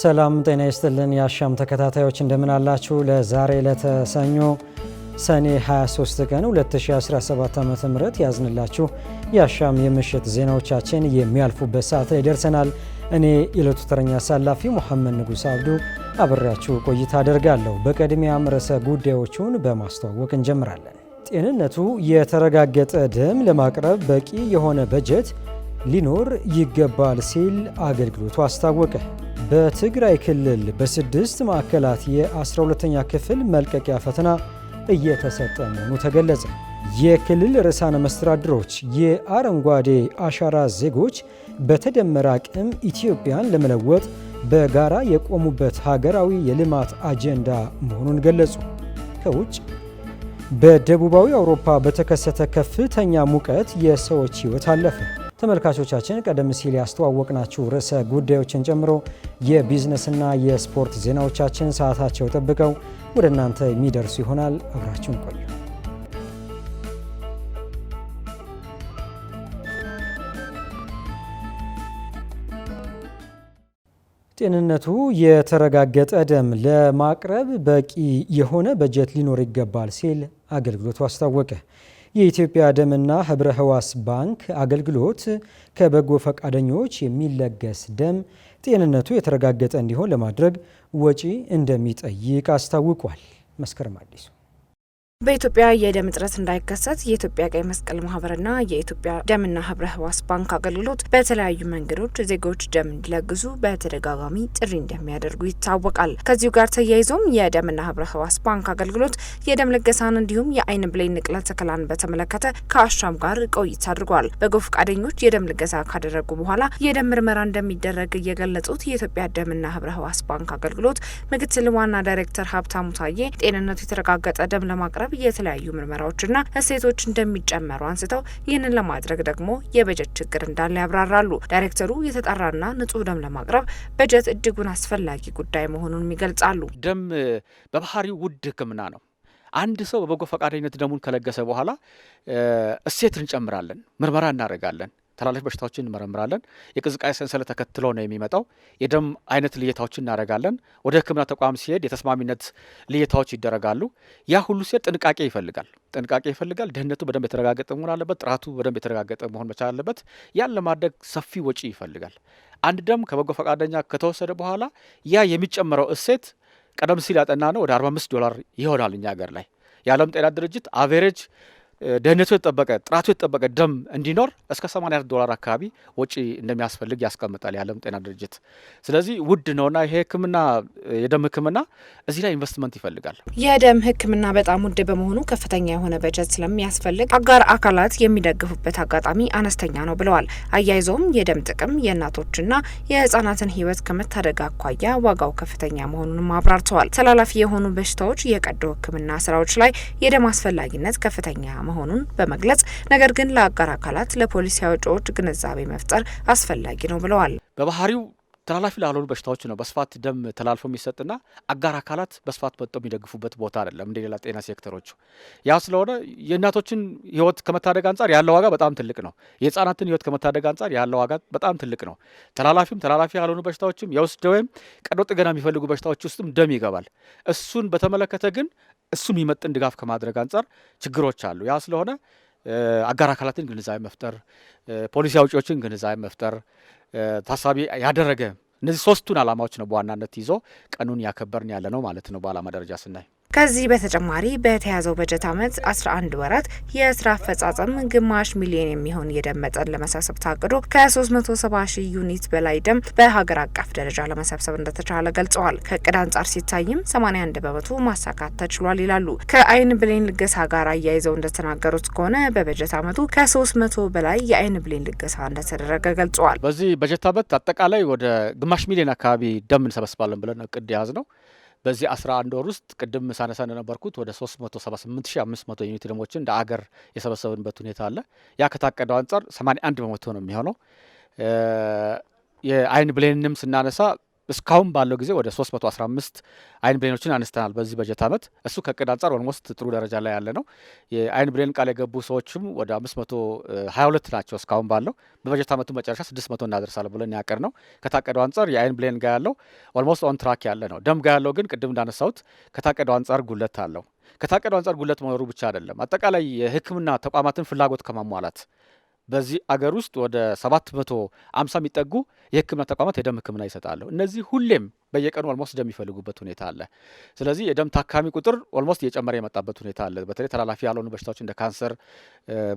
ሰላም ጤና ይስጥልን የአሻም ተከታታዮች እንደምን አላችሁ? ለዛሬ ለተሰኞ ሰኔ 23 ቀን 2017 ዓ ም ያዝንላችሁ የአሻም የምሽት ዜናዎቻችን የሚያልፉበት ሰዓት ላይ ደርሰናል። እኔ የዕለቱ ተረኛ አሳላፊ ሙሐመድ ንጉስ አብዱ አብሬያችሁ ቆይታ አደርጋለሁ። በቅድሚያም ርዕሰ ጉዳዮቹን በማስተዋወቅ እንጀምራለን። ጤንነቱ የተረጋገጠ ደም ለማቅረብ በቂ የሆነ በጀት ሊኖር ይገባል ሲል አገልግሎቱ አስታወቀ። በትግራይ ክልል በስድስት ማዕከላት የ12ተኛ ክፍል መልቀቂያ ፈተና እየተሰጠ መሆኑ ተገለጸ። የክልል ርዕሳነ መስተዳድሮች የአረንጓዴ አሻራ ዜጎች በተደመረ አቅም ኢትዮጵያን ለመለወጥ በጋራ የቆሙበት ሀገራዊ የልማት አጀንዳ መሆኑን ገለጹ። ከውጭ በደቡባዊ አውሮፓ በተከሰተ ከፍተኛ ሙቀት የሰዎች ሕይወት አለፈ። ተመልካቾቻችን ቀደም ሲል ያስተዋወቅናችሁ ርዕሰ ጉዳዮችን ጨምሮ የቢዝነስና የስፖርት ዜናዎቻችን ሰዓታቸው ጠብቀው ወደ እናንተ የሚደርሱ ይሆናል። አብራችሁን ቆዩ። ጤንነቱ የተረጋገጠ ደም ለማቅረብ በቂ የሆነ በጀት ሊኖር ይገባል ሲል አገልግሎቱ አስታወቀ። የኢትዮጵያ ደምና ህብረ ህዋስ ባንክ አገልግሎት ከበጎ ፈቃደኞች የሚለገስ ደም ጤንነቱ የተረጋገጠ እንዲሆን ለማድረግ ወጪ እንደሚጠይቅ አስታውቋል። መስከረም አዲሱ በኢትዮጵያ የደም እጥረት እንዳይከሰት የኢትዮጵያ ቀይ መስቀል ማህበርና የኢትዮጵያ ደምና ህብረ ህዋስ ባንክ አገልግሎት በተለያዩ መንገዶች ዜጎች ደም እንዲለግሱ በተደጋጋሚ ጥሪ እንደሚያደርጉ ይታወቃል። ከዚሁ ጋር ተያይዞም የደምና ህብረ ህዋስ ባንክ አገልግሎት የደም ልገሳን እንዲሁም የአይን ብሌን ንቅለ ተከላን በተመለከተ ከአሻም ጋር ቆይታ አድርጓል። በጎ ፈቃደኞች የደም ልገሳ ካደረጉ በኋላ የደም ምርመራ እንደሚደረግ የገለጹት የኢትዮጵያ ደምና ህብረ ህዋስ ባንክ አገልግሎት ምክትል ዋና ዳይሬክተር ሀብታሙ ታዬ ጤንነቱ የተረጋገጠ ደም ለማቅረብ በማቅረብ የተለያዩ ምርመራዎችና እሴቶች እንደሚጨመሩ አንስተው ይህንን ለማድረግ ደግሞ የበጀት ችግር እንዳለ ያብራራሉ። ዳይሬክተሩ የተጣራና ንጹህ ደም ለማቅረብ በጀት እጅጉን አስፈላጊ ጉዳይ መሆኑን ይገልጻሉ። ደም በባህሪው ውድ ሕክምና ነው። አንድ ሰው በበጎ ፈቃደኝነት ደሙን ከለገሰ በኋላ እሴት እንጨምራለን፣ ምርመራ እናደርጋለን። ተላላፊ በሽታዎችን እንመረምራለን። የቅዝቃዜ ሰንሰለት ተከትሎ ነው የሚመጣው። የደም አይነት ልየታዎችን እናደርጋለን። ወደ ሕክምና ተቋም ሲሄድ የተስማሚነት ልየታዎች ይደረጋሉ። ያ ሁሉ ሲሄድ ጥንቃቄ ይፈልጋል። ጥንቃቄ ይፈልጋል። ደህንነቱ በደንብ የተረጋገጠ መሆን አለበት። ጥራቱ በደንብ የተረጋገጠ መሆን መቻል አለበት። ያን ለማድረግ ሰፊ ወጪ ይፈልጋል። አንድ ደም ከበጎ ፈቃደኛ ከተወሰደ በኋላ ያ የሚጨመረው እሴት ቀደም ሲል ያጠና ነው ወደ 45 ዶላር ይሆናል እኛ ሀገር ላይ የዓለም ጤና ድርጅት አቬሬጅ ደህንነቱ የተጠበቀ ጥራቱ የተጠበቀ ደም እንዲኖር እስከ 84 ዶላር አካባቢ ወጪ እንደሚያስፈልግ ያስቀምጣል የዓለም ጤና ድርጅት። ስለዚህ ውድ ነውና ይሄ ሕክምና የደም ሕክምና እዚህ ላይ ኢንቨስትመንት ይፈልጋል። የደም ሕክምና በጣም ውድ በመሆኑ ከፍተኛ የሆነ በጀት ስለሚያስፈልግ አጋር አካላት የሚደግፉበት አጋጣሚ አነስተኛ ነው ብለዋል። አያይዘውም የደም ጥቅም የእናቶችና የህጻናትን ሕይወት ከመታደግ አኳያ ዋጋው ከፍተኛ መሆኑንም አብራርተዋል። ተላላፊ የሆኑ በሽታዎች፣ የቀዶ ሕክምና ስራዎች ላይ የደም አስፈላጊነት ከፍተኛ መሆኑን በመግለጽ ነገር ግን ለአጋር አካላት ለፖሊሲ አውጪዎች ግንዛቤ መፍጠር አስፈላጊ ነው ብለዋል። በባህሪው ተላላፊ ላልሆኑ በሽታዎች ነው በስፋት ደም ተላልፎ የሚሰጥና አጋር አካላት በስፋት መጥተው የሚደግፉበት ቦታ አይደለም እንደ ሌላ ጤና ሴክተሮች። ያ ስለሆነ የእናቶችን ህይወት ከመታደግ አንጻር ያለ ዋጋ በጣም ትልቅ ነው። የሕፃናትን ህይወት ከመታደግ አንጻር ያለ ዋጋ በጣም ትልቅ ነው። ተላላፊም ተላላፊ ያልሆኑ በሽታዎችም የውስጥ ደዌም ቀዶ ጥገና የሚፈልጉ በሽታዎች ውስጥም ደም ይገባል። እሱን በተመለከተ ግን እሱም የሚመጥን ድጋፍ ከማድረግ አንጻር ችግሮች አሉ። ያ ስለሆነ አጋር አካላትን ግንዛቤ መፍጠር፣ ፖሊሲ አውጪዎችን ግንዛቤ መፍጠር ታሳቢ ያደረገ እነዚህ ሶስቱን አላማዎች ነው በዋናነት ይዞ ቀኑን ያከበርን ያለ ነው ማለት ነው። በአላማ ደረጃ ስናይ ከዚህ በተጨማሪ በተያዘው በጀት ዓመት 11 ወራት የስራ አፈጻጸም ግማሽ ሚሊዮን የሚሆን የደም መጠን ለመሰብሰብ ታቅዶ ከ370 ሺህ ዩኒት በላይ ደም በሀገር አቀፍ ደረጃ ለመሰብሰብ እንደተቻለ ገልጸዋል። ከእቅድ አንጻር ሲታይም 81 በመቶ ማሳካት ተችሏል ይላሉ። ከአይን ብሌን ልገሳ ጋር አያይዘው እንደተናገሩት ከሆነ በበጀት ዓመቱ ከ300 በላይ የአይን ብሌን ልገሳ እንደተደረገ ገልጸዋል። በዚህ በጀት ዓመት አጠቃላይ ወደ ግማሽ ሚሊዮን አካባቢ ደም እንሰበስባለን ብለን እቅድ የያዝ ነው በዚህ 11 ወር ውስጥ ቅድም ሳነሳ እንደነበርኩት ወደ 378500 ዩኒት ደሞችን እንደ አገር የሰበሰብንበት ሁኔታ አለ። ያ ከታቀደው አንጻር 81 በመቶ ነው የሚሆነው። የአይን ብሌንንም ስናነሳ እስካሁን ባለው ጊዜ ወደ 315 አይን ብሬኖችን አንስተናል። በዚህ በጀት ዓመት። እሱ ከቅድ አንጻር ኦልሞስት ጥሩ ደረጃ ላይ ያለ ነው። የአይን ብሬን ቃል የገቡ ሰዎችም ወደ 522 ናቸው እስካሁን ባለው። በበጀት ዓመቱ መጨረሻ 600 እናደርሳለን ብለን ያቀር ነው። ከታቀደው አንጻር የአይን ብሌን ጋር ያለው ኦልሞስት ኦን ትራክ ያለ ነው። ደም ጋር ያለው ግን ቅድም እንዳነሳሁት ከታቀደው አንጻር ጉለት አለው። ከታቀደው አንጻር ጉለት መኖሩ ብቻ አይደለም፣ አጠቃላይ የሕክምና ተቋማትን ፍላጎት ከማሟላት በዚህ አገር ውስጥ ወደ 750 የሚጠጉ የህክምና ተቋማት የደም ህክምና ይሰጣሉ። እነዚህ ሁሌም በየቀኑ ኦልሞስት ደም የሚፈልጉበት ሁኔታ አለ። ስለዚህ የደም ታካሚ ቁጥር ኦልሞስት እየጨመረ የመጣበት ሁኔታ አለ። በተለይ ተላላፊ ያልሆኑ በሽታዎች እንደ ካንሰር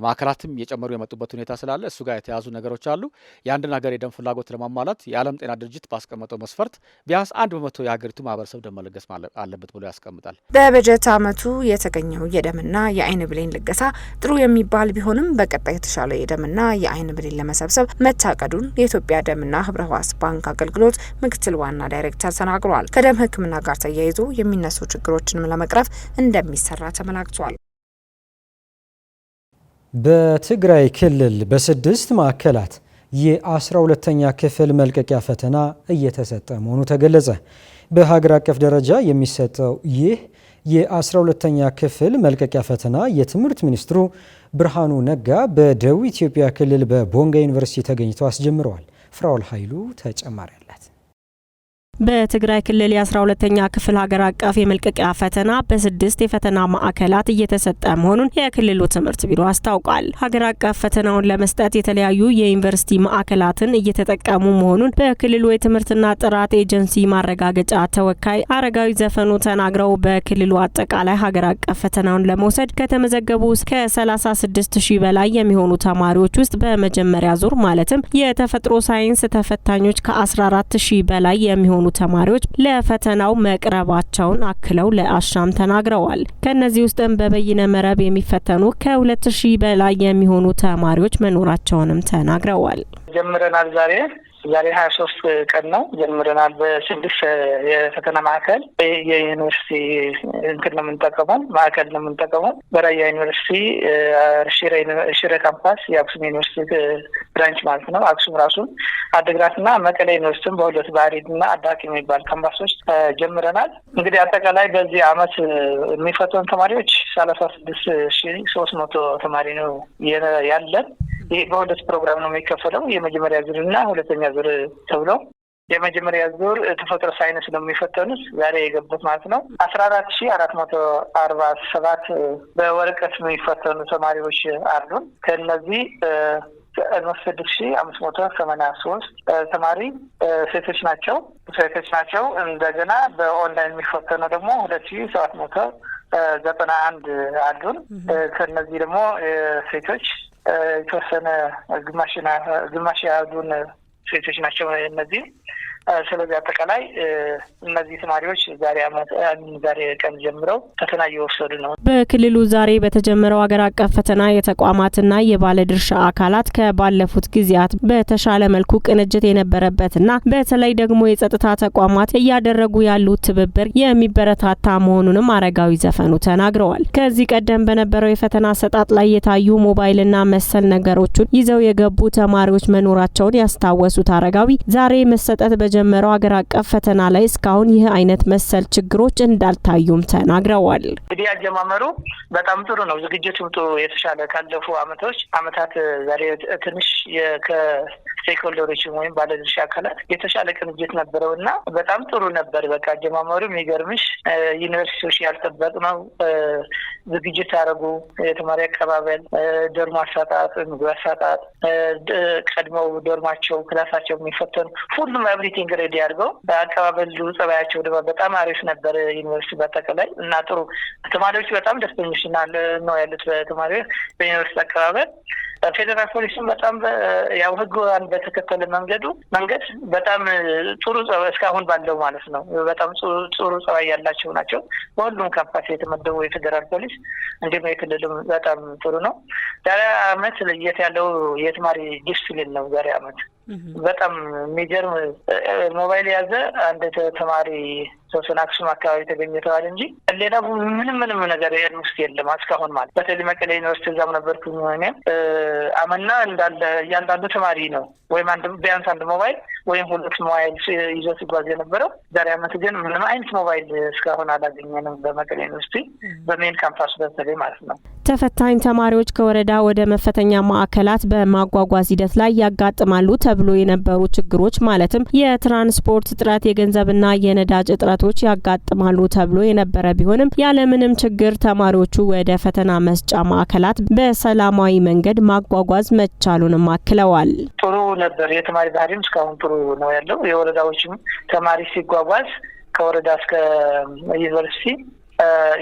ማዕከላትም እየጨመሩ የመጡበት ሁኔታ ስላለ እሱ ጋር የተያዙ ነገሮች አሉ። የአንድን ሀገር የደም ፍላጎት ለማሟላት የዓለም ጤና ድርጅት ባስቀመጠው መስፈርት ቢያንስ አንድ በመቶ የሀገሪቱ ማህበረሰብ ደም መለገስ አለበት ብሎ ያስቀምጣል። በበጀት ዓመቱ የተገኘው የደምና የአይን ብሌን ልገሳ ጥሩ የሚባል ቢሆንም በቀጣይ የተሻለ የደምና የአይን ብሌን ለመሰብሰብ መታቀዱን የኢትዮጵያ ደምና ህብረ ህዋስ ባንክ አገልግሎት ምክትል ዋና ዳይሬክተር ተሰናግሯል። ከደም ህክምና ጋር ተያይዞ የሚነሱ ችግሮችንም ለመቅረፍ እንደሚሰራ ተመላክቷል። በትግራይ ክልል በስድስት ማዕከላት የ12ተኛ ክፍል መልቀቂያ ፈተና እየተሰጠ መሆኑ ተገለጸ። በሀገር አቀፍ ደረጃ የሚሰጠው ይህ የ12ተኛ ክፍል መልቀቂያ ፈተና የትምህርት ሚኒስትሩ ብርሃኑ ነጋ በደቡብ ኢትዮጵያ ክልል በቦንጋ ዩኒቨርሲቲ ተገኝተው አስጀምረዋል። ፍራውል ኃይሉ ተጨማሪ በትግራይ ክልል የአስራ ሁለተኛ ክፍል ሀገር አቀፍ የመልቀቂያ ፈተና በስድስት የፈተና ማዕከላት እየተሰጠ መሆኑን የክልሉ ትምህርት ቢሮ አስታውቋል። ሀገር አቀፍ ፈተናውን ለመስጠት የተለያዩ የዩኒቨርሲቲ ማዕከላትን እየተጠቀሙ መሆኑን በክልሉ የትምህርትና ጥራት ኤጀንሲ ማረጋገጫ ተወካይ አረጋዊ ዘፈኑ ተናግረው በክልሉ አጠቃላይ ሀገር አቀፍ ፈተናውን ለመውሰድ ከተመዘገቡ ከ36 ሺህ በላይ የሚሆኑ ተማሪዎች ውስጥ በመጀመሪያ ዙር ማለትም የተፈጥሮ ሳይንስ ተፈታኞች ከ14 ሺህ በላይ የሚሆኑ ተማሪዎች ለፈተናው መቅረባቸውን አክለው ለአሻም ተናግረዋል። ከእነዚህ ውስጥም በበይነ መረብ የሚፈተኑ ከሁለት ሺህ በላይ የሚሆኑ ተማሪዎች መኖራቸውንም ተናግረዋል። ጀምረናል ዛሬ ዛሬ ሀያ ሶስት ቀን ነው ጀምረናል። በስድስት የፈተና ማዕከል የዩኒቨርሲቲ እንትን ነው የምንጠቀመው ማዕከል ነው የምንጠቀመው በራያ ዩኒቨርሲቲ ሽረ ካምፓስ የአክሱም ዩኒቨርሲቲ ብራንች ማለት ነው። አክሱም ራሱን አድግራትና መቀሌ ዩኒቨርሲቲን በሁለት ባህሪና አዳቂ የሚባል ካምፓሶች ጀምረናል። እንግዲህ አጠቃላይ በዚህ አመት የሚፈተውን ተማሪዎች ሰላሳ ስድስት ሺ ሶስት መቶ ተማሪ ነው ያለን። ይህ በሁለት ፕሮግራም ነው የሚከፈለው የመጀመሪያ ዙር እና ሁለተኛ ዙር ተብለው የመጀመሪያ ዙር ተፈጥሮ ሳይንስ ነው የሚፈተኑት ዛሬ የገቡት ማለት ነው። አስራ አራት ሺ አራት መቶ አርባ ሰባት በወረቀት የሚፈተኑ ተማሪዎች አሉን። ከእነዚህ ኦልሞስት ስድስት አምስት መቶ ሰማንያ ሶስት ተማሪ ሴቶች ናቸው ሴቶች ናቸው። እንደገና በኦንላይን የሚፈተኑ ደግሞ ሁለት ሺ ሰባት መቶ ዘጠና አንድ አሉን። ከእነዚህ ደግሞ ሴቶች የተወሰነ ግማሽ ግማሽ ያሉን ሴቶች ናቸው እነዚህ ስለዚህ አጠቃላይ እነዚህ ተማሪዎች ዛሬ ዛሬ ቀን ጀምረው ፈተና እየወሰዱ ነው። በክልሉ ዛሬ በተጀመረው ሀገር አቀፍ ፈተና የተቋማትና የባለድርሻ አካላት ከባለፉት ጊዜያት በተሻለ መልኩ ቅንጅት የነበረበትና በተለይ ደግሞ የጸጥታ ተቋማት እያደረጉ ያሉት ትብብር የሚበረታታ መሆኑንም አረጋዊ ዘፈኑ ተናግረዋል። ከዚህ ቀደም በነበረው የፈተና አሰጣጥ ላይ የታዩ ሞባይልና መሰል ነገሮችን ይዘው የገቡ ተማሪዎች መኖራቸውን ያስታወሱት አረጋዊ ዛሬ መሰጠት በተጀመረው አገር አቀፍ ፈተና ላይ እስካሁን ይህ አይነት መሰል ችግሮች እንዳልታዩም ተናግረዋል። እንግዲህ አጀማመሩ በጣም ጥሩ ነው። ዝግጅቱም ጥሩ የተሻለ ካለፉ አመቶች አመታት ዛሬ ትንሽ ከስቴክሆልደሮችም ወይም ባለድርሻ አካላት የተሻለ ቅንጅት ነበረው እና በጣም ጥሩ ነበር። በቃ አጀማመሩ የሚገርምሽ ዩኒቨርሲቲዎች ያልጠበቅ ነው ዝግጅት ያደረጉ የተማሪ አቀባበል፣ ዶርም አሳጣጥ፣ ምግብ አሳጣጥ፣ ቀድመው ዶርማቸው ክላሳቸው የሚፈተኑ ሁሉም አብሪቲ ሴኬንድ ግሬድ ያድርገው አቀባበሉ ጸባያቸው ድማ በጣም አሪፍ ነበር። ዩኒቨርሲቲ በአጠቃላይ እና ጥሩ ተማሪዎች በጣም ደስተኞች ነው ያሉት በተማሪዎች በዩኒቨርሲቲ አቀባበል ፌዴራል ፖሊስም በጣም ያው ህግን በተከተለ መንገዱ መንገድ በጣም ጥሩ እስካሁን ባለው ማለት ነው። በጣም ጥሩ ጸባይ ያላቸው ናቸው። በሁሉም ካምፓስ የተመደቡ የፌዴራል ፖሊስ እንዲሁም የክልልም በጣም ጥሩ ነው። ዛሬ አመት ለየት ያለው የተማሪ ዲስፕሊን ነው ዛሬ አመት በጣም የሚገርም ሞባይል የያዘ አንድ ተማሪ ሶሻል አክሱም አካባቢ ተገኝተዋል እንጂ ሌላ ምንም ምንም ነገር የሄድ ውስጥ የለም እስካሁን ማለት በተለይ መቀሌ ዩኒቨርሲቲ እዛም ነበርኩ እኔም አመና እንዳለ እያንዳንዱ ተማሪ ነው ወይም አንድ ቢያንስ አንድ ሞባይል ወይም ሁለት ሞባይል ይዞ ሲጓዝ የነበረው። ዛሬ አመት ግን ምንም አይነት ሞባይል እስካሁን አላገኘንም በመቀሌ ዩኒቨርሲቲ በሜን ካምፓስ በተለይ ማለት ነው። ተፈታኝ ተማሪዎች ከወረዳ ወደ መፈተኛ ማዕከላት በማጓጓዝ ሂደት ላይ ያጋጥማሉ ተብሎ የነበሩ ችግሮች ማለትም የትራንስፖርት እጥረት፣ የገንዘብና የነዳጅ እጥረት ጉዳቶች ያጋጥማሉ ተብሎ የነበረ ቢሆንም ያለምንም ችግር ተማሪዎቹ ወደ ፈተና መስጫ ማዕከላት በሰላማዊ መንገድ ማጓጓዝ መቻሉንም አክለዋል። ጥሩ ነበር። የተማሪ ባህሪም እስካሁን ጥሩ ነው ያለው። የወረዳዎችም ተማሪ ሲጓጓዝ ከወረዳ እስከ ዩኒቨርሲቲ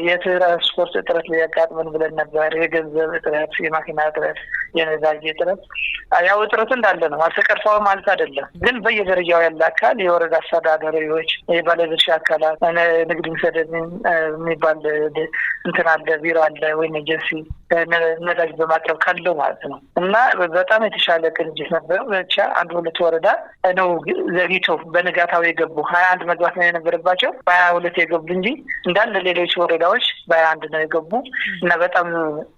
የትራንስፖርት እጥረት ሊያጋጥመን ብለን ነበር። የገንዘብ እጥረት፣ የማኪና እጥረት የዛጌ ጥረት ያው እጥረቱ እንዳለ ነው። አልተቀርፋው ማለት አይደለም። ግን በየደረጃው ያለ አካል የወረዳ አስተዳዳሪዎች፣ የባለድርሻ አካላት ንግድ ሚሰደድ የሚባል እንትን አለ ቢሮ አለ ወይም ኤጀንሲ ነዳጅ በማቅረብ ካለው ማለት ነው እና በጣም የተሻለ ቅንጅት ነበር። ብቻ አንድ ሁለት ወረዳ ነው ዘግይተው በንጋታው የገቡ ሀያ አንድ መግባት ነው የነበረባቸው በሀያ ሁለት የገቡ እንጂ እንዳለ ሌሎች ወረዳዎች በሀያ አንድ ነው የገቡ እና በጣም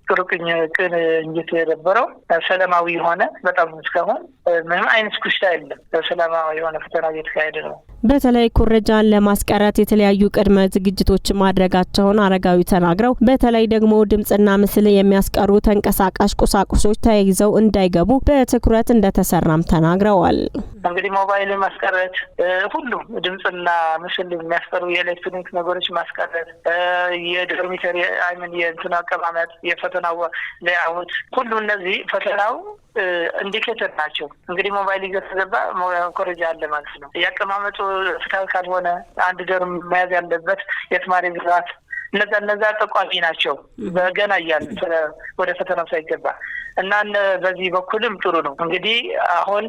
ጥሩ ቅን እንዴት የነበረው ሰላማዊ የሆነ በጣም እስካሁን ምንም አይነት ኩሽታ የለም። ሰላማዊ የሆነ ፈተና እየተካሄደ ነው። በተለይ ኩረጃን ለማስቀረት የተለያዩ ቅድመ ዝግጅቶች ማድረጋቸውን አረጋዊ ተናግረው በተለይ ደግሞ ድምጽና ምስል የሚያስቀሩ ተንቀሳቃሽ ቁሳቁሶች ተይዘው እንዳይገቡ በትኩረት እንደተሰራም ተናግረዋል። እንግዲህ ሞባይል ማስቀረት፣ ሁሉም ድምጽና ምስል የሚያስቀሩ የኤሌክትሮኒክ ነገሮች ማስቀረት፣ የዶርሚተሪ አይምን የእንትን አቀማመጥ፣ የፈተናው ሌአውት ሁሉ እነዚህ ፈተናው ኢንዲኬተር ናቸው። እንግዲህ ሞባይል ይዞ ተገባ ኮረጃ አለ ማለት ነው። የአቀማመጡ ፍትሃዊ ካልሆነ አንድ ደር መያዝ ያለበት የተማሪ ብዛት እነዛ እነዛ ጠቋሚ ናቸው። በገና እያሉ ወደ ፈተናው ሳይገባ እና በዚህ በኩልም ጥሩ ነው። እንግዲህ አሁን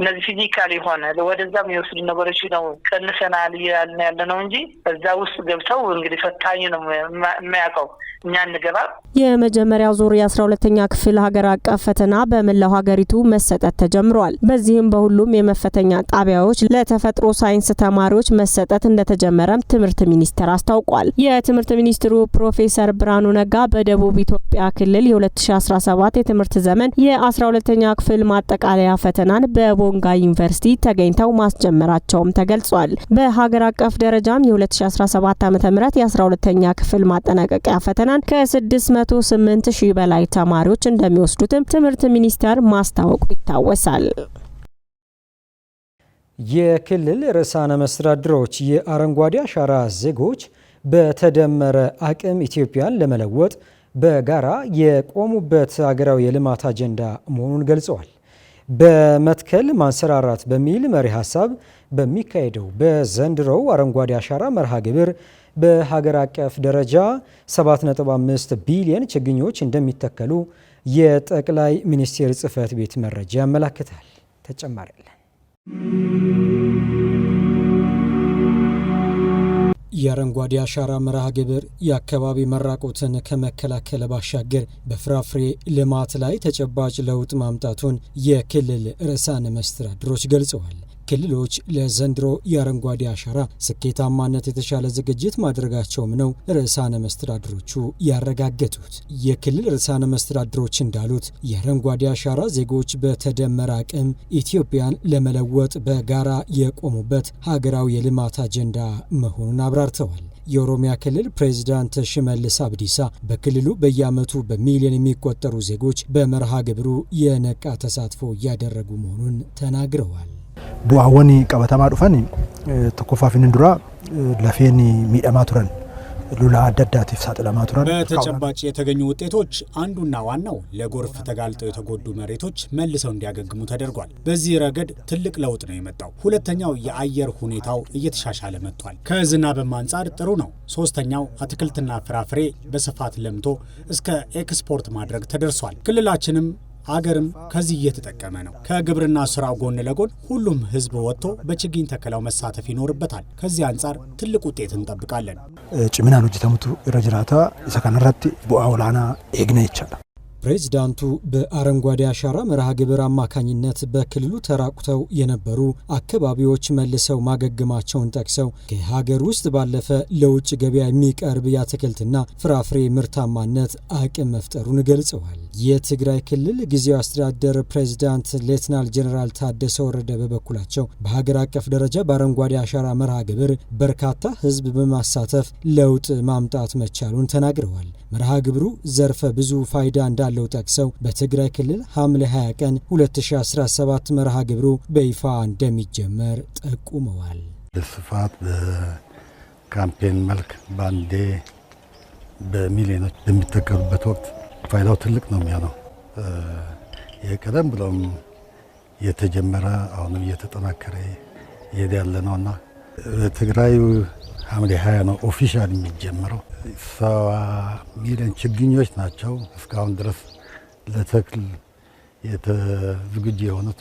እነዚህ ፊዚካል የሆነ ወደዛ የሚወስዱ ነገሮች ነው ቀንሰናል እያልን ያለ ነው እንጂ እዛ ውስጥ ገብተው እንግዲህ ፈታኝ ነው የሚያውቀው እኛ እንገባም። የመጀመሪያው ዙር የአስራ ሁለተኛ ክፍል ሀገር አቀፍ ፈተና በመላው ሀገሪቱ መሰጠት ተጀምሯል። በዚህም በሁሉም የመፈተኛ ጣቢያዎች ለተፈጥሮ ሳይንስ ተማሪዎች መሰጠት እንደተጀመረም ትምህርት ሚኒስቴር አስታውቋል። የትምህርት ሚኒስትሩ ፕሮፌሰር ብርሃኑ ነጋ በደቡብ ኢትዮጵያ ክልል የ2017 የትምህርት ዘመን የ12ተኛ ክፍል ማጠቃለያ ፈተናን በቦንጋ ዩኒቨርሲቲ ተገኝተው ማስጀመራቸውም ተገልጿል። በሀገር አቀፍ ደረጃም የ2017 ዓ ም የ12ተኛ ክፍል ማጠናቀቂያ ፈተናን ከ608 ሺህ በላይ ተማሪዎች እንደሚወስዱትም ትምህርት ሚኒስቴር ማስታወቁ ይታወሳል። የክልል ርዕሳነ መስተዳድሮች የአረንጓዴ አሻራ ዜጎች በተደመረ አቅም ኢትዮጵያን ለመለወጥ በጋራ የቆሙበት አገራዊ የልማት አጀንዳ መሆኑን ገልጸዋል። በመትከል ማንሰራራት በሚል መሪ ሀሳብ በሚካሄደው በዘንድሮው አረንጓዴ አሻራ መርሃ ግብር በሀገር አቀፍ ደረጃ 7.5 ቢሊዮን ችግኞች እንደሚተከሉ የጠቅላይ ሚኒስቴር ጽህፈት ቤት መረጃ ያመላክታል። ተጨማሪ አለን። የአረንጓዴ አሻራ መርሃ ግብር የአካባቢ መራቆትን ከመከላከል ባሻገር በፍራፍሬ ልማት ላይ ተጨባጭ ለውጥ ማምጣቱን የክልል ርዕሳነ መስተዳድሮች ገልጸዋል። ክልሎች ለዘንድሮ የአረንጓዴ አሻራ ስኬታማነት የተሻለ ዝግጅት ማድረጋቸውም ነው ርዕሳነ መስተዳድሮቹ ያረጋገጡት። የክልል ርዕሳነ መስተዳድሮች እንዳሉት የአረንጓዴ አሻራ ዜጎች በተደመረ አቅም ኢትዮጵያን ለመለወጥ በጋራ የቆሙበት ሀገራዊ የልማት አጀንዳ መሆኑን አብራርተዋል። የኦሮሚያ ክልል ፕሬዚዳንት ሽመልስ አብዲሳ በክልሉ በየዓመቱ በሚሊዮን የሚቆጠሩ ዜጎች በመርሃ ግብሩ የነቃ ተሳትፎ እያደረጉ መሆኑን ተናግረዋል። bu'aawwan qabatamaa dhufan e, tokkoffaaf inni dura e, lafeen miidhamaa turan ሉላ አዳዳቲፍ ሳጥለማ ቱራን በተጨባጭ የተገኙ ውጤቶች አንዱና ዋናው ለጎርፍ ተጋልጠው የተጎዱ መሬቶች መልሰው እንዲያገግሙ ተደርጓል። በዚህ ረገድ ትልቅ ለውጥ ነው የመጣው። ሁለተኛው የአየር ሁኔታው እየተሻሻለ መጥቷል። ከዝናብም አንጻር ጥሩ ነው። ሶስተኛው አትክልትና ፍራፍሬ በስፋት ለምቶ እስከ ኤክስፖርት ማድረግ ተደርሷል። ክልላችንም አገርም ከዚህ እየተጠቀመ ነው። ከግብርና ስራው ጎን ለጎን ሁሉም ህዝብ ወጥቶ በችግኝ ተከላው መሳተፍ ይኖርበታል። ከዚህ አንጻር ትልቅ ውጤት እንጠብቃለን። ጭምናን ሆጅተሙቱ ረጅራታ ኢሰ ከነረት ቡአ ኦላና ኤግነ ይቻላል ፕሬዚዳንቱ በአረንጓዴ አሻራ መርሃ ግብር አማካኝነት በክልሉ ተራቁተው የነበሩ አካባቢዎች መልሰው ማገገማቸውን ጠቅሰው ከሀገር ውስጥ ባለፈ ለውጭ ገበያ የሚቀርብ የአትክልትና ፍራፍሬ ምርታማነት አቅም መፍጠሩን ገልጸዋል። የትግራይ ክልል ጊዜያዊ አስተዳደር ፕሬዚዳንት ሌትናል ጄኔራል ታደሰ ወረደ በበኩላቸው በሀገር አቀፍ ደረጃ በአረንጓዴ አሻራ መርሃ ግብር በርካታ ሕዝብ በማሳተፍ ለውጥ ማምጣት መቻሉን ተናግረዋል። መርሃ ግብሩ ዘርፈ ብዙ ፋይዳ እንዳ እንዳለው ጠቅሰው በትግራይ ክልል ሐምሌ 20 ቀን 2017 መርሃ ግብሩ በይፋ እንደሚጀመር ጠቁመዋል። በስፋት በካምፔን መልክ ባንዴ በሚሊዮኖች በሚተገሩበት ወቅት ፋይዳው ትልቅ ነው የሚሆነው። የቀደም ብለውም የተጀመረ አሁንም እየተጠናከረ ይሄድ ያለ እና በትግራይ ሐምሌ ሀያ ነው ኦፊሻል የሚጀምረው። ሰባ ሚሊዮን ችግኞች ናቸው እስካሁን ድረስ ለተክል ዝግጁ የሆኑት።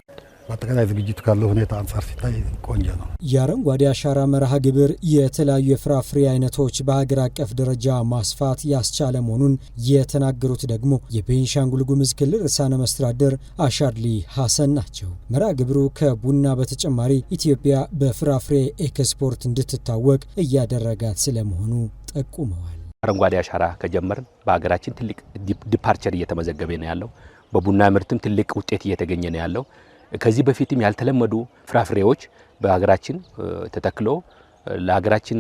በአጠቃላይ ዝግጅቱ ካለው ሁኔታ አንጻር ሲታይ ቆንጆ ነው። የአረንጓዴ አሻራ መርሃ ግብር የተለያዩ የፍራፍሬ አይነቶች በሀገር አቀፍ ደረጃ ማስፋት ያስቻለ መሆኑን የተናገሩት ደግሞ የቤንሻንጉል ጉምዝ ክልል ርዕሳነ መስተዳደር አሻድሊ ሀሰን ናቸው። መርሃ ግብሩ ከቡና በተጨማሪ ኢትዮጵያ በፍራፍሬ ኤክስፖርት እንድትታወቅ እያደረጋት ስለመሆኑ ጠቁመዋል። አረንጓዴ አሻራ ከጀመርን በሀገራችን ትልቅ ዲፓርቸር እየተመዘገበ ነው ያለው። በቡና ምርትም ትልቅ ውጤት እየተገኘ ነው ያለው። ከዚህ በፊትም ያልተለመዱ ፍራፍሬዎች በሀገራችን ተተክሎ ለሀገራችን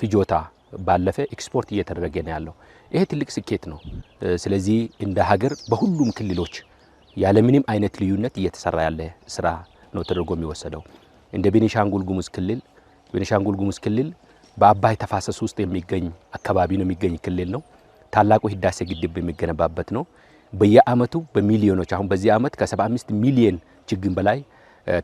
ፍጆታ ባለፈ ኤክስፖርት እየተደረገ ነው ያለው። ይሄ ትልቅ ስኬት ነው። ስለዚህ እንደ ሀገር በሁሉም ክልሎች ያለምንም አይነት ልዩነት እየተሰራ ያለ ስራ ነው ተደርጎ የሚወሰደው። እንደ ቤኒሻንጉል ጉሙዝ ክልል ቤኒሻንጉል ጉሙዝ ክልል በአባይ ተፋሰስ ውስጥ የሚገኝ አካባቢ ነው የሚገኝ ክልል ነው። ታላቁ ህዳሴ ግድብ የሚገነባበት ነው። በየአመቱ በሚሊዮኖች አሁን በዚህ አመት ከ75 ሚሊዮን ችግኝ በላይ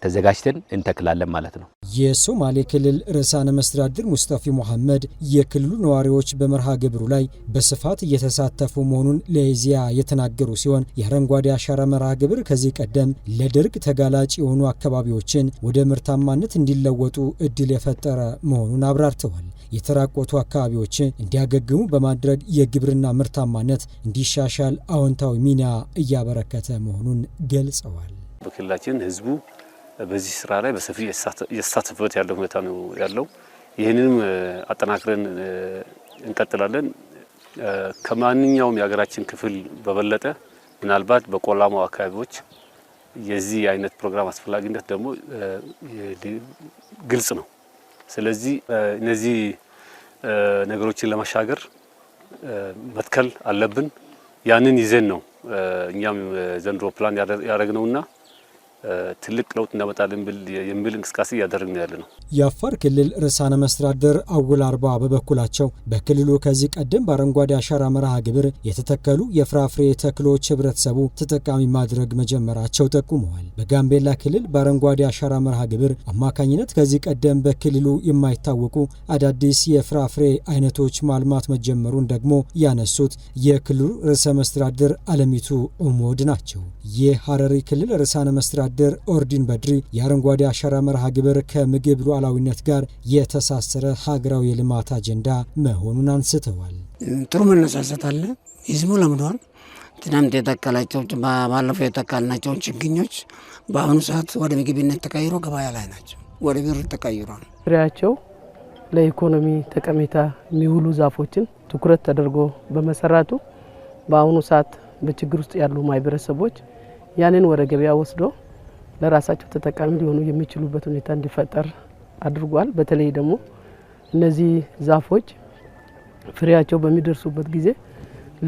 ተዘጋጅተን እንተክላለን ማለት ነው። የሶማሌ ክልል ርዕሳነ መስተዳድር ሙስጠፊ ሙሐመድ የክልሉ ነዋሪዎች በመርሃ ግብሩ ላይ በስፋት እየተሳተፉ መሆኑን ለኢዜአ የተናገሩ ሲሆን የአረንጓዴ አሻራ መርሃ ግብር ከዚህ ቀደም ለድርቅ ተጋላጭ የሆኑ አካባቢዎችን ወደ ምርታማነት እንዲለወጡ እድል የፈጠረ መሆኑን አብራርተዋል። የተራቆቱ አካባቢዎችን እንዲያገግሙ በማድረግ የግብርና ምርታማነት እንዲሻሻል አዎንታዊ ሚና እያበረከተ መሆኑን ገልጸዋል። በክልላችን ህዝቡ በዚህ ስራ ላይ በሰፊ የተሳተፈበት ያለው ሁኔታ ነው ያለው። ይህንንም አጠናክረን እንቀጥላለን። ከማንኛውም የሀገራችን ክፍል በበለጠ ምናልባት በቆላማው አካባቢዎች የዚህ አይነት ፕሮግራም አስፈላጊነት ደግሞ ግልጽ ነው። ስለዚህ እነዚህ ነገሮችን ለማሻገር መትከል አለብን። ያንን ይዘን ነው እኛም ዘንድሮ ፕላን ያደረግነውና ትልቅ ለውጥ እናመጣለን የሚል እንቅስቃሴ እያደረግን ያለ ነው። የአፋር ክልል ርዕሳነ መስተዳድር አውል አርባ በበኩላቸው በክልሉ ከዚህ ቀደም በአረንጓዴ አሻራ መርሃ ግብር የተተከሉ የፍራፍሬ ተክሎች ህብረተሰቡ ተጠቃሚ ማድረግ መጀመራቸው ጠቁመዋል። በጋምቤላ ክልል በአረንጓዴ አሻራ መርሃ ግብር አማካኝነት ከዚህ ቀደም በክልሉ የማይታወቁ አዳዲስ የፍራፍሬ አይነቶች ማልማት መጀመሩን ደግሞ ያነሱት የክልሉ ርዕሰ መስተዳድር አለሚቱ ኡሞድ ናቸው። የሀረሪ ክልል ርዕሳነ መስተዳድር አምባሳደር ኦርዲን በድሪ የአረንጓዴ አሻራ መርሃ ግብር ከምግብ ሉዓላዊነት ጋር የተሳሰረ ሀገራዊ የልማት አጀንዳ መሆኑን አንስተዋል። ጥሩ መነሳሳት አለ። ህዝቡ ለምደዋል። ትናንት የተከላቸው ባለፈው የተካልናቸውን ችግኞች በአሁኑ ሰዓት ወደ ምግብነት ተቀይሮ ገበያ ላይ ናቸው። ወደ ብር ተቀይሯል። ፍሬያቸው ለኢኮኖሚ ጠቀሜታ የሚውሉ ዛፎችን ትኩረት ተደርጎ በመሰራቱ በአሁኑ ሰዓት በችግር ውስጥ ያሉ ማህበረሰቦች ያንን ወደ ገበያ ወስዶ ለራሳቸው ተጠቃሚ ሊሆኑ የሚችሉበት ሁኔታ እንዲፈጠር አድርጓል። በተለይ ደግሞ እነዚህ ዛፎች ፍሬያቸው በሚደርሱበት ጊዜ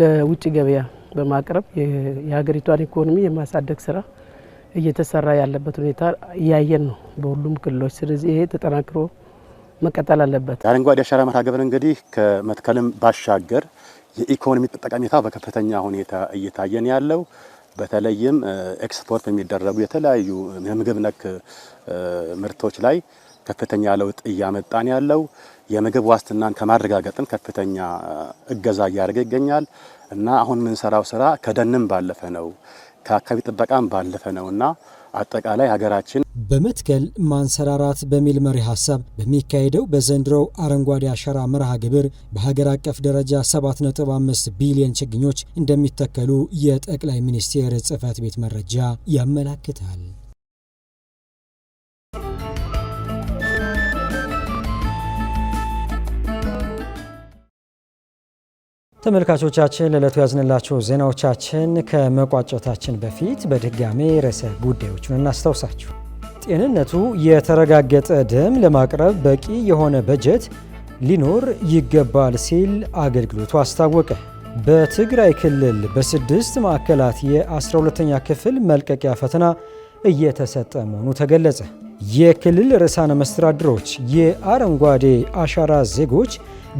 ለውጭ ገበያ በማቅረብ የሀገሪቷን ኢኮኖሚ የማሳደግ ስራ እየተሰራ ያለበት ሁኔታ እያየን ነው በሁሉም ክልሎች። ስለዚህ ይሄ ተጠናክሮ መቀጠል አለበት። አረንጓዴ አሻራ መርሃ ግብር እንግዲህ ከመትከልም ባሻገር የኢኮኖሚ ጠቀሜታ በከፍተኛ ሁኔታ እየታየን ያለው በተለይም ኤክስፖርት የሚደረጉ የተለያዩ የምግብ ነክ ምርቶች ላይ ከፍተኛ ለውጥ እያመጣን ያለው የምግብ ዋስትናን ከማረጋገጥም ከፍተኛ እገዛ እያደረገ ይገኛል እና አሁን የምንሰራው ስራ ከደንም ባለፈ ነው፣ ከአካባቢ ጥበቃም ባለፈ ነው እና አጠቃላይ ሀገራችን በመትከል ማንሰራራት በሚል መሪ ሀሳብ በሚካሄደው በዘንድሮው አረንጓዴ አሻራ መርሃ ግብር በሀገር አቀፍ ደረጃ 7.5 ቢሊዮን ችግኞች እንደሚተከሉ የጠቅላይ ሚኒስቴር ጽህፈት ቤት መረጃ ያመላክታል። ተመልካቾቻችን ለዕለቱ ያዝንላችሁ ዜናዎቻችን ከመቋጨታችን በፊት በድጋሜ ርዕሰ ጉዳዮቹን እናስታውሳችሁ። ጤንነቱ የተረጋገጠ ደም ለማቅረብ በቂ የሆነ በጀት ሊኖር ይገባል ሲል አገልግሎቱ አስታወቀ። በትግራይ ክልል በስድስት ማዕከላት የ12ኛ ክፍል መልቀቂያ ፈተና እየተሰጠ መሆኑ ተገለጸ። የክልል ርዕሳነ መስተዳድሮች የአረንጓዴ አሻራ ዜጎች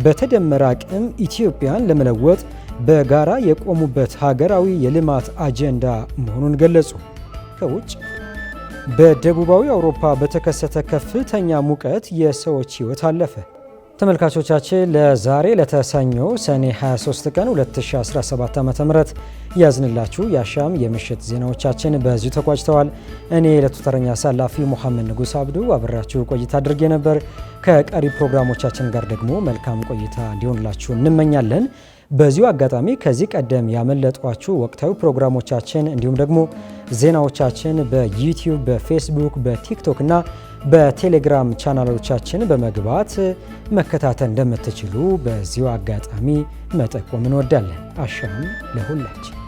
በተደመረ አቅም ኢትዮጵያን ለመለወጥ በጋራ የቆሙበት ሀገራዊ የልማት አጀንዳ መሆኑን ገለጹ። ከውጭ በደቡባዊ አውሮፓ በተከሰተ ከፍተኛ ሙቀት የሰዎች ሕይወት አለፈ። ተመልካቾቻችን ለዛሬ ለተሰኘው ሰኔ 23 ቀን 2017 ዓ ም ያዝንላችሁ የአሻም የምሽት ዜናዎቻችን በዚሁ ተቋጭተዋል። እኔ ለቱተረኛ አሳላፊ ሙሐመድ ንጉስ አብዱ አብራችሁ ቆይታ አድርጌ ነበር። ከቀሪ ፕሮግራሞቻችን ጋር ደግሞ መልካም ቆይታ እንዲሆንላችሁ እንመኛለን። በዚሁ አጋጣሚ ከዚህ ቀደም ያመለጧችሁ ወቅታዊ ፕሮግራሞቻችን እንዲሁም ደግሞ ዜናዎቻችን በዩቲዩብ፣ በፌስቡክ፣ በቲክቶክ እና በቴሌግራም ቻናሎቻችን በመግባት መከታተል እንደምትችሉ በዚሁ አጋጣሚ መጠቆም እንወዳለን። አሻም ለሁላችን!